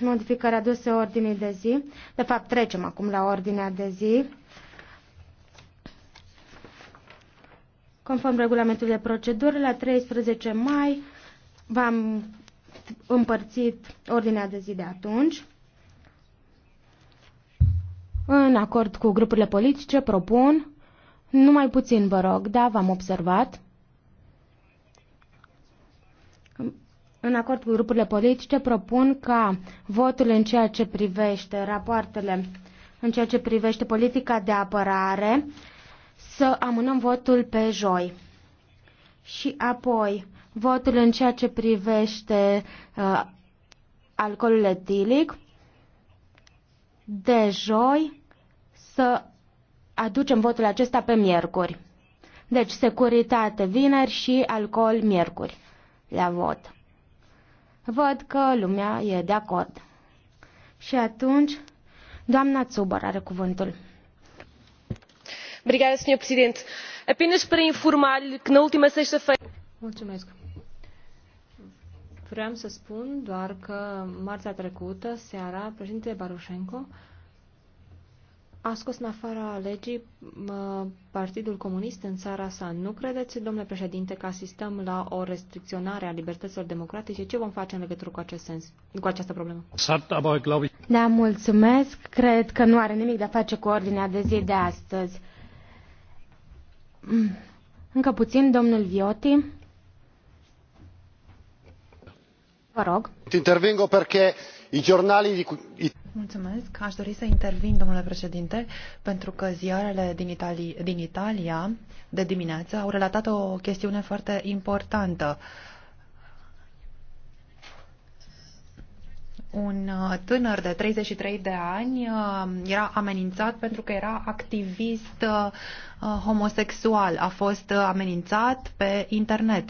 modificări aduse ordinii de zi. De fapt, trecem acum la ordinea de zi. Conform regulamentului de procedură, la 13 mai v-am împărțit ordinea de zi de atunci. În acord cu grupurile politice, propun numai puțin, vă rog, da, v-am observat. în acord cu grupurile politice, propun ca votul în ceea ce privește rapoartele, în ceea ce privește politica de apărare, să amânăm votul pe joi. Și apoi, votul în ceea ce privește uh, alcoolul etilic, de joi să aducem votul acesta pe miercuri. Deci, securitate vineri și alcool miercuri la vot. Văd că lumea e de acord. Și atunci, doamna Tsubar are cuvântul. Obrigada, Sr. Presidente. Apenas para informar-lhe que na última sexta-feira... Mulțumesc. Vreau să spun doar că marța trecută, seara, președintele Barușenco a scos în afara legii Partidul Comunist în țara sa. Nu credeți, domnule președinte, că asistăm la o restricționare a libertăților democratice? Ce vom face în legătură cu acest sens, cu această problemă? Da, mulțumesc. Cred că nu are nimic de a face cu ordinea de zi de astăzi. Mm. Încă puțin, domnul Vioti. Vă rog. Intervengo perché Mulțumesc. Aș dori să intervin, domnule președinte, pentru că ziarele din, Itali din Italia de dimineață au relatat o chestiune foarte importantă. un uh, tânăr de 33 de ani uh, era amenințat pentru că era activist uh, homosexual. A fost amenințat pe internet.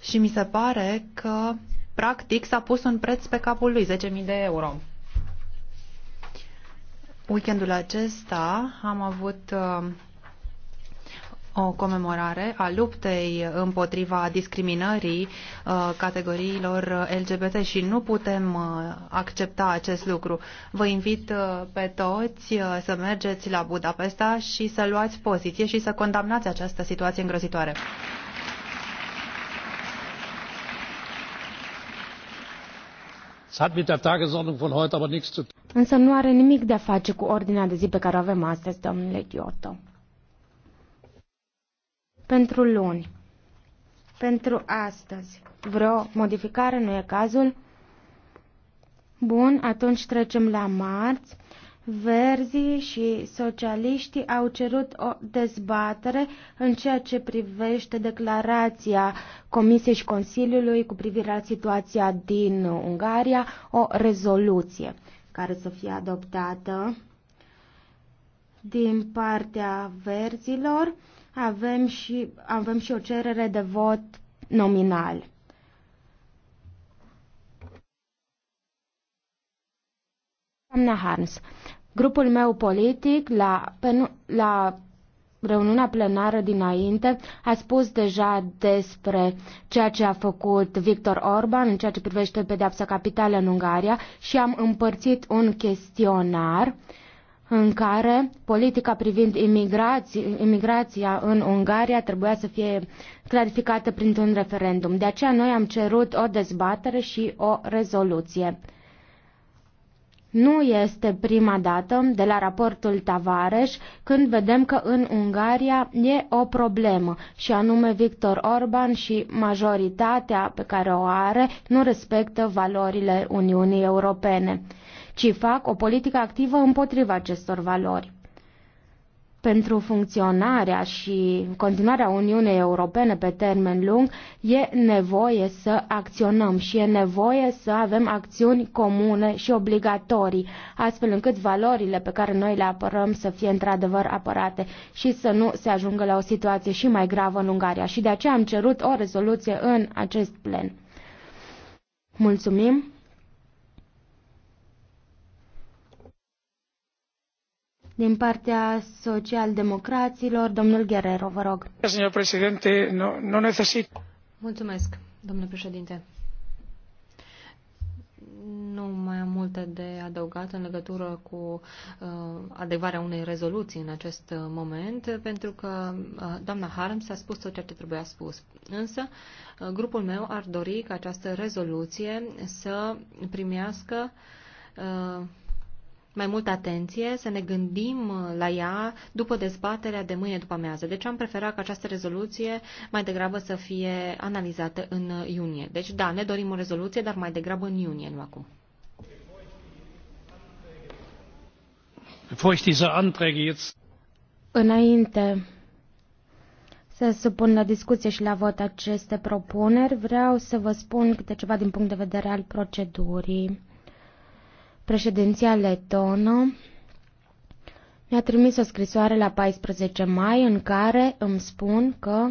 Și mi se pare că practic s-a pus un preț pe capul lui, 10.000 de euro. Weekendul acesta am avut uh, o comemorare a luptei împotriva discriminării uh, categoriilor uh, LGBT și nu putem accepta acest lucru. Vă invit pe toți să mergeți la Budapesta și să luați poziție și să condamnați această situație îngrozitoare. Însă nu are nimic de a face cu ordinea de zi pe care o avem astăzi, domnule Giotto. Pentru luni, pentru astăzi, vreo modificare nu e cazul? Bun, atunci trecem la marți. Verzii și socialiștii au cerut o dezbatere în ceea ce privește declarația Comisiei și Consiliului cu privire la situația din Ungaria, o rezoluție care să fie adoptată din partea verzilor. Avem și, avem și o cerere de vot nominal. Doamna Harms, Grupul meu politic la, la reuniunea plenară dinainte a spus deja despre ceea ce a făcut Victor Orban în ceea ce privește pedeapsa capitală în Ungaria și am împărțit un chestionar în care politica privind imigrații, imigrația în Ungaria trebuia să fie clarificată printr-un referendum. De aceea noi am cerut o dezbatere și o rezoluție. Nu este prima dată de la raportul Tavares când vedem că în Ungaria e o problemă și anume Victor Orban și majoritatea pe care o are nu respectă valorile Uniunii Europene, ci fac o politică activă împotriva acestor valori pentru funcționarea și continuarea Uniunii Europene pe termen lung, e nevoie să acționăm și e nevoie să avem acțiuni comune și obligatorii, astfel încât valorile pe care noi le apărăm să fie într-adevăr apărate și să nu se ajungă la o situație și mai gravă în Ungaria. Și de aceea am cerut o rezoluție în acest plen. Mulțumim! Din partea socialdemocraților, domnul Guerrero, vă rog. președinte, nu, necesit. Mulțumesc, domnule președinte. Nu mai am multe de adăugat în legătură cu uh, adevarea unei rezoluții în acest uh, moment, pentru că uh, doamna Harms a spus tot ceea ce trebuia spus. Însă, uh, grupul meu ar dori ca această rezoluție să primească uh, mai multă atenție, să ne gândim uh, la ea după dezbaterea de mâine după amiază. Deci am preferat ca această rezoluție mai degrabă să fie analizată în uh, iunie. Deci da, ne dorim o rezoluție, dar mai degrabă în iunie, nu acum. Înainte să supun la discuție și la vot aceste propuneri, vreau să vă spun câte ceva din punct de vedere al procedurii. Președinția letonă mi-a trimis o scrisoare la 14 mai în care îmi spun că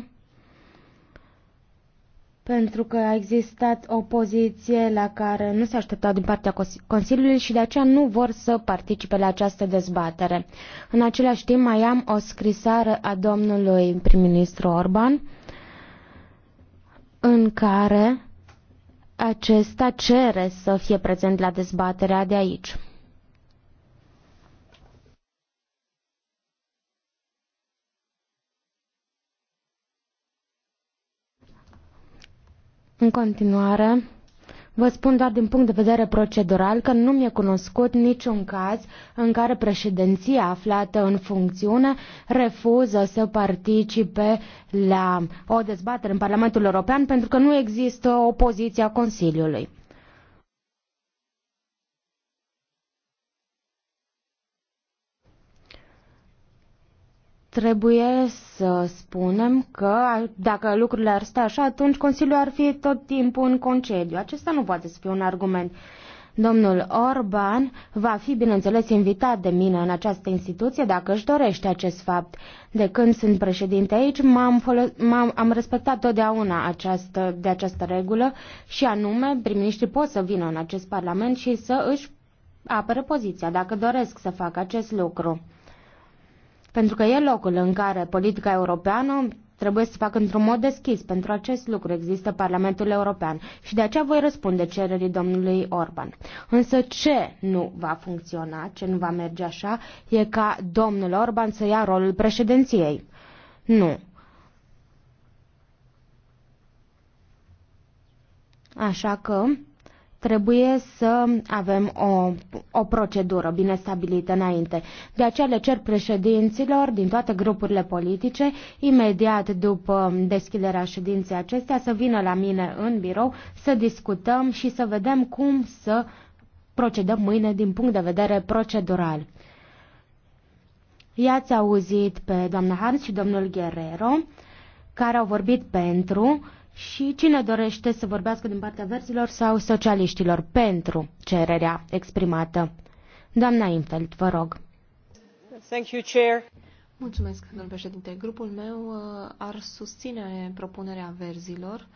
pentru că a existat o poziție la care nu s-a așteptat din partea Consiliului și de aceea nu vor să participe la această dezbatere. În același timp mai am o scrisoare a domnului prim-ministru Orban în care acesta cere să fie prezent la dezbaterea de aici. În continuare, Vă spun doar din punct de vedere procedural că nu mi-e cunoscut niciun caz în care președinția aflată în funcțiune refuză să participe la o dezbatere în Parlamentul European pentru că nu există o opoziție a Consiliului. Trebuie să spunem că dacă lucrurile ar sta așa, atunci Consiliul ar fi tot timpul în concediu. Acesta nu poate să fie un argument. Domnul Orban va fi, bineînțeles, invitat de mine în această instituție dacă își dorește acest fapt. De când sunt președinte aici, m-am am am respectat totdeauna această, de această regulă și anume, prim pot să vină în acest parlament și să își apere poziția dacă doresc să facă acest lucru. Pentru că e locul în care politica europeană trebuie să facă într-un mod deschis. Pentru acest lucru există Parlamentul European și de aceea voi răspunde cererii domnului Orban. Însă ce nu va funcționa, ce nu va merge așa, e ca domnul Orban să ia rolul președinției. Nu. Așa că Trebuie să avem o, o procedură bine stabilită înainte. De aceea le cer președinților din toate grupurile politice, imediat după deschiderea ședinței acestea, să vină la mine în birou, să discutăm și să vedem cum să procedăm mâine din punct de vedere procedural. I-ați auzit pe doamna Hans și domnul Guerrero, care au vorbit pentru și cine dorește să vorbească din partea verzilor sau socialiștilor pentru cererea exprimată? Doamna Infeld, vă rog. Thank you, Chair. Mulțumesc, domnul președinte. Grupul meu uh, ar susține propunerea verzilor.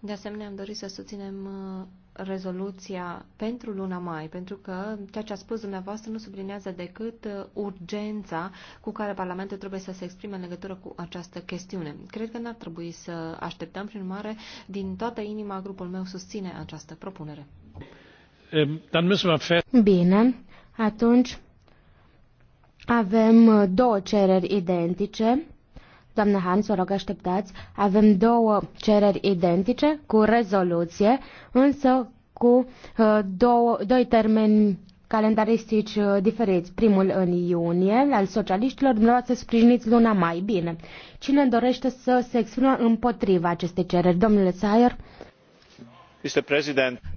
De asemenea, am dorit să susținem uh, rezoluția pentru luna mai, pentru că ceea ce a spus dumneavoastră nu sublinează decât uh, urgența cu care Parlamentul trebuie să se exprime în legătură cu această chestiune. Cred că n-ar trebui să așteptăm, prin urmare, din toată inima grupul meu susține această propunere. Bine, atunci avem uh, două cereri identice. Doamnă Hans, vă rog, așteptați. Avem două cereri identice cu rezoluție, însă cu uh, două, doi termeni calendaristici uh, diferiți. Primul în iunie, al socialiștilor, dumneavoastră sprijiniți luna mai bine. Cine dorește să se exprime împotriva acestei cereri? Domnule Sayer?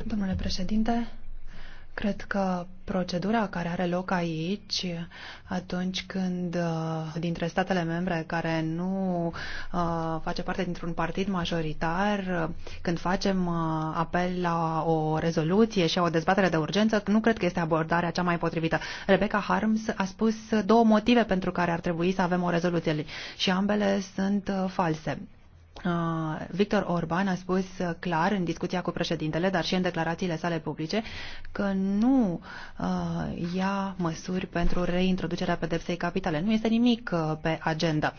Domnule președinte, Cred că procedura care are loc aici, atunci când uh, dintre statele membre care nu uh, face parte dintr-un partid majoritar, uh, când facem apel la o rezoluție și o dezbatere de urgență, nu cred că este abordarea cea mai potrivită. Rebecca Harms a spus două motive pentru care ar trebui să avem o rezoluție și ambele sunt false. Uh, Victor Orban a spus uh, clar în discuția cu președintele, dar și în declarațiile sale publice, că nu uh, ia măsuri pentru reintroducerea pedepsei capitale. Nu este nimic pe agenda.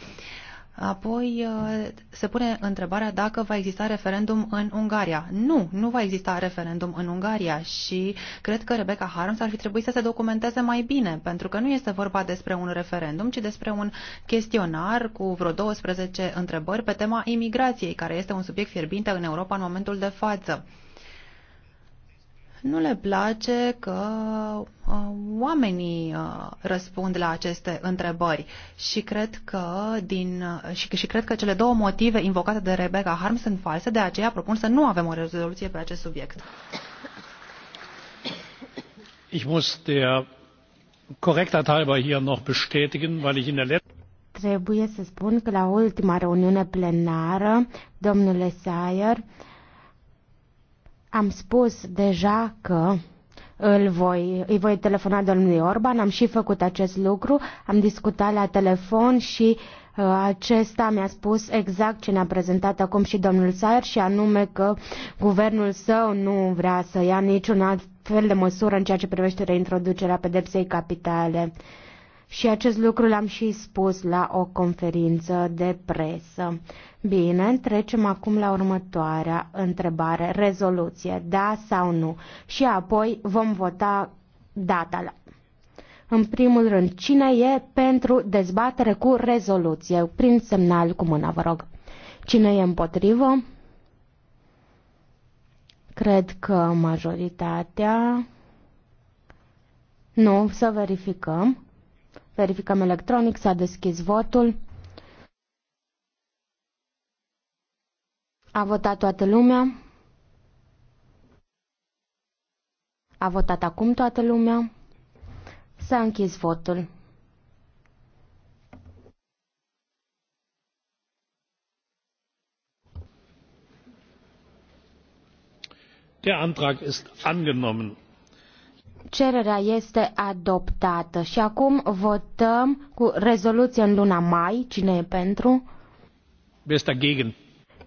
Apoi uh, se pune întrebarea dacă va exista referendum în Ungaria. Nu, nu va exista referendum în Ungaria și cred că Rebecca Harms ar fi trebuit să se documenteze mai bine, pentru că nu este vorba despre un referendum, ci despre un chestionar cu vreo 12 întrebări pe tema imigrației, care este un subiect fierbinte în Europa în momentul de față nu le place că uh, oamenii uh, răspund la aceste întrebări și cred că, din, uh, și, și cred că cele două motive invocate de Rebecca Harms sunt false, de aceea propun să nu avem o rezoluție pe acest subiect. Ich muss der Korrektheit halber hier noch bestätigen, weil ich in der letzten Trebuie să spun că la ultima reuniune plenară, domnule Sayer, am spus deja că îl voi, îi voi telefona domnului Orban, am și făcut acest lucru, am discutat la telefon și uh, acesta mi-a spus exact ce ne-a prezentat acum și domnul Saer și anume că guvernul său nu vrea să ia niciun alt fel de măsură în ceea ce privește reintroducerea pedepsei capitale. Uh, și acest lucru l-am și spus la o conferință de presă. Bine, trecem acum la următoarea întrebare. Rezoluție, da sau nu? Și apoi vom vota data la. În primul rând, cine e pentru dezbatere cu rezoluție? Prin semnal cu mâna, vă rog. Cine e împotrivă? Cred că majoritatea. Nu, să verificăm. Verificăm electronic, s-a deschis votul. A votat toată lumea. A votat acum toată lumea. S-a închis votul. Der Antrag ist angenommen. Cererea este adoptată și acum votăm cu rezoluție în luna mai. Cine e pentru?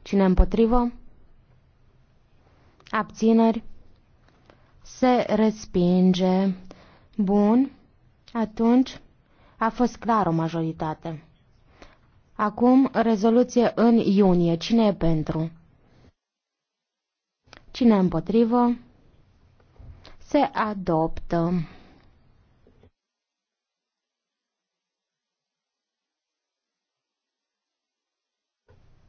Cine e împotrivă? Abțineri? Se respinge. Bun. Atunci a fost clar o majoritate. Acum rezoluție în iunie. Cine e pentru? Cine e împotrivă? se adoptă.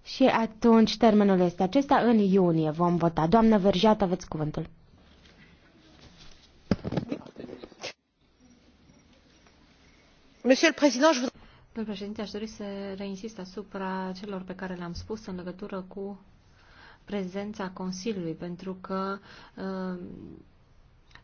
Și atunci termenul este acesta, în iunie vom vota. Doamnă Verjat, aveți cuvântul. Monsieur le Président, je voudrais... Domnul președinte, aș dori să reinsist asupra celor pe care le-am spus în legătură cu prezența Consiliului, pentru că uh,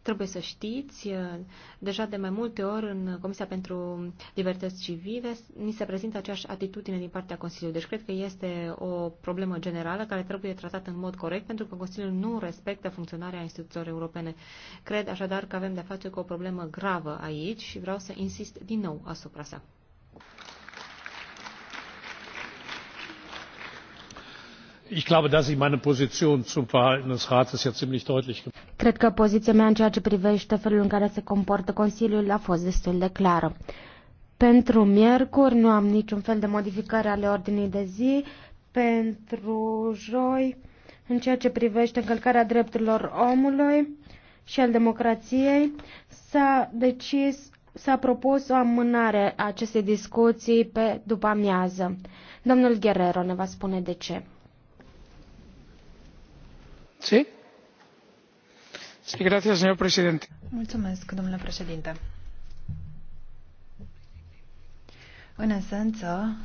Trebuie să știți, uh, deja de mai multe ori în Comisia pentru Libertăți Civile ni se prezintă aceeași atitudine din partea Consiliului. Deci cred că este o problemă generală care trebuie tratată în mod corect pentru că Consiliul nu respectă funcționarea instituțiilor europene. Cred așadar că avem de-a face cu o problemă gravă aici și vreau să insist din nou asupra sa. Cred că poziția mea în ceea ce privește felul în care se comportă Consiliul a fost destul de clară. Pentru miercuri nu am niciun fel de modificare ale ordinii de zi. Pentru joi, în ceea ce privește încălcarea drepturilor omului și al democrației, s-a decis s-a propus o amânare a acestei discuții pe după amiază. Domnul Guerrero ne va spune de ce. Sí? Sí, Mulțumesc, domnule președinte. În esență,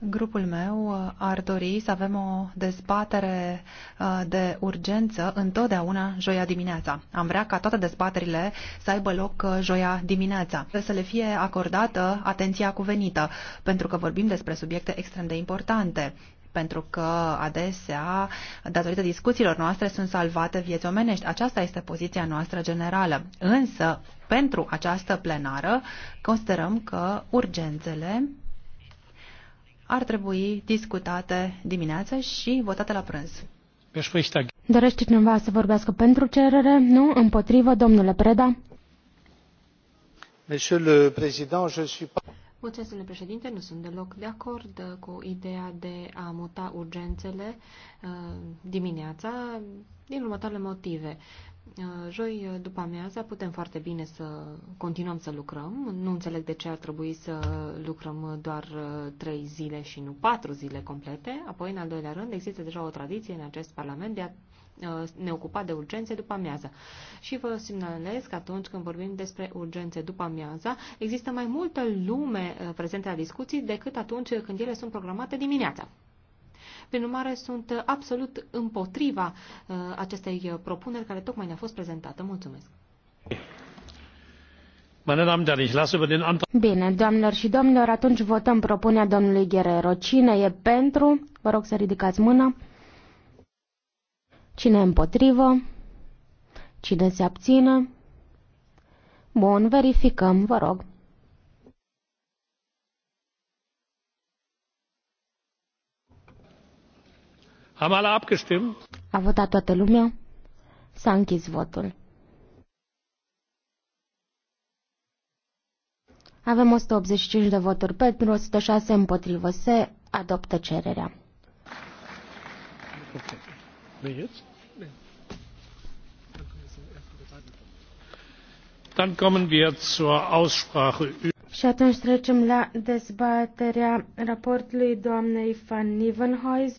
Grupul meu uh, ar dori să avem o dezbatere uh, de urgență întotdeauna joia dimineața. Am vrea ca toate dezbaterile să aibă loc uh, joia dimineața, să le fie acordată atenția cuvenită, pentru că vorbim despre subiecte extrem de importante pentru că adesea, datorită discuțiilor noastre, sunt salvate vieți omenești. Aceasta este poziția noastră generală. Însă, pentru această plenară, considerăm că urgențele ar trebui discutate dimineață și votate la prânz. Dorește cineva să vorbească pentru cerere? Nu? Împotrivă, domnule Preda? Monsieur le Président, je suis pas... Mulțumesc, domnule președinte, nu sunt deloc de acord uh, cu ideea de a muta urgențele uh, dimineața din următoarele motive. Uh, joi după amiaza putem foarte bine să continuăm să lucrăm. Nu înțeleg de ce ar trebui să lucrăm doar trei zile și nu patru zile complete. Apoi, în al doilea rând, există deja o tradiție în acest Parlament de a Uh, ne ocupa de urgențe după amiază. Și vă semnalez că atunci când vorbim despre urgențe după amiază, există mai multă lume uh, prezentă la discuții decât atunci când ele sunt programate dimineața. Prin urmare, sunt absolut împotriva uh, acestei propuneri care tocmai ne-a fost prezentată. Mulțumesc! Bine, doamnelor și domnilor, atunci votăm propunerea domnului Guerrero. Cine e pentru? Vă rog să ridicați mâna. Cine împotrivă? Cine se abține? Bun, verificăm, vă rog. Am alle abgestimmt? A votat toată lumea? S-a închis votul. Avem 185 de voturi pentru, 106 împotrivă. Se adoptă cererea. Okay. Dann kommen wir zur Aussprache. Și atunci trecem la dezbaterea raportului doamnei Van Nieuwenhuis.